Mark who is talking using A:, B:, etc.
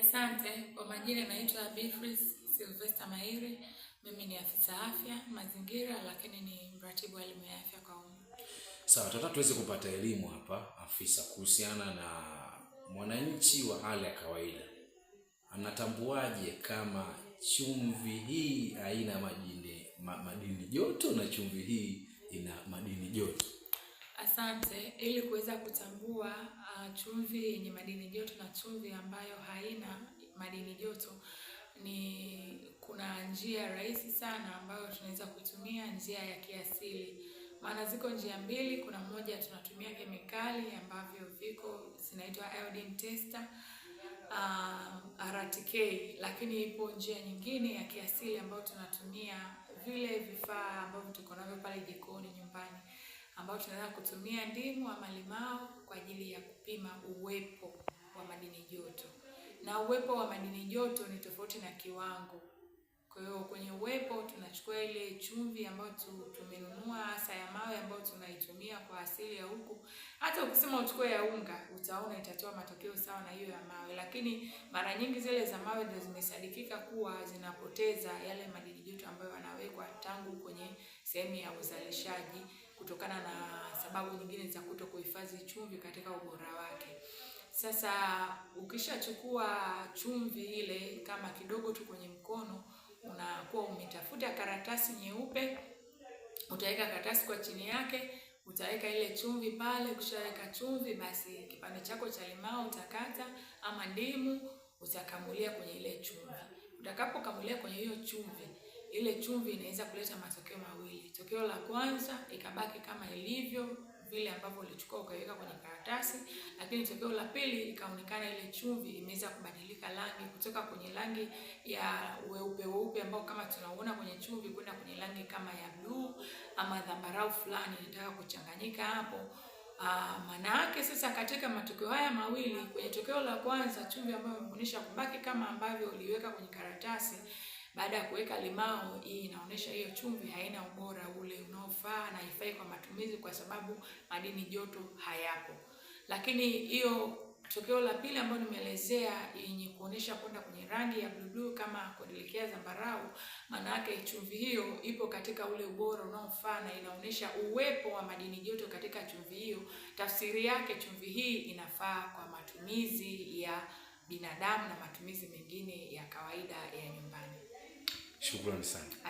A: Asante. Kwa majina naitwa Beatrice Sylvester Mairi. Mimi ni afisa afya mazingira, lakini ni mratibu wa elimu ya afya kwa umma.
B: Sawa, tata tuweze kupata elimu hapa afisa, kuhusiana na mwananchi wa hali ya kawaida anatambuaje kama chumvi hii haina madini ma, madini joto na chumvi hii ina madini joto?
A: Asante. Ili kuweza kutambua uh, chumvi yenye madini joto na chumvi ambayo haina madini joto ni kuna njia rahisi sana ambayo tunaweza kutumia, njia ya kiasili. Maana ziko njia mbili, kuna moja tunatumia kemikali ambavyo viko zinaitwa iodine tester uh, ah, RTK, lakini ipo njia nyingine ya kiasili ambayo tunatumia vile vifaa ambavyo tuko navyo pale jikoni nyumbani ambayo tunaweza kutumia ndimu ama limao kwa ajili ya kupima uwepo wa madini joto, na uwepo wa madini joto ni tofauti na kiwango. Kwa hiyo kwenye uwepo tunachukua ile chumvi ambayo tu, tumenunua hasa ya mawe ambayo tunaitumia kwa asili ya huku. Hata ukisema uchukue ya unga, utaona itatoa matokeo sawa na hiyo ya mawe, lakini mara nyingi zile za mawe ndio zimesadikika kuwa zinapoteza yale madini joto ambayo yanawekwa tangu kwenye sehemu ya uzalishaji kutokana na sababu nyingine za kuto kuhifadhi chumvi katika ubora wake. Sasa ukishachukua chumvi ile kama kidogo tu kwenye mkono, unakuwa umetafuta karatasi nyeupe, utaweka karatasi kwa chini yake, utaweka ile chumvi pale. Ukishaweka chumvi, basi kipande chako cha limao utakata ama ndimu utakamulia kwenye ile chumvi. Utakapokamulia kwenye hiyo chumvi ile chumvi inaweza kuleta matokeo mawili. Tokeo la kwanza ikabaki kama ilivyo vile ambavyo ulichukua ukaiweka kwenye karatasi, lakini tokeo la pili ikaonekana ile chumvi imeweza kubadilika rangi kutoka kwenye rangi ya weupe weupe ambao kama tunaona kwenye chumvi kwenda kwenye rangi kama ya bluu ama dhambarau fulani inataka kuchanganyika hapo. Ah, maana yake sasa, katika matokeo haya mawili, kwenye tokeo la kwanza chumvi ambayo imeonyesha kubaki kama ambavyo uliweka kwenye karatasi baada ya kuweka limao, hii inaonyesha hiyo chumvi haina ubora ule unaofaa na haifai kwa matumizi, kwa sababu madini joto hayapo. Lakini hiyo tokeo la pili ambayo nimeelezea yenye kuonyesha kwenda kwenye rangi ya blue kama kuelekea zambarau, maana yake chumvi hiyo ipo katika ule ubora unaofaa na inaonyesha uwepo wa madini joto katika chumvi hiyo. Tafsiri yake chumvi hii inafaa kwa matumizi ya binadamu na matumizi mengine ya kawaida ya nyumbani.
B: shukrani sana.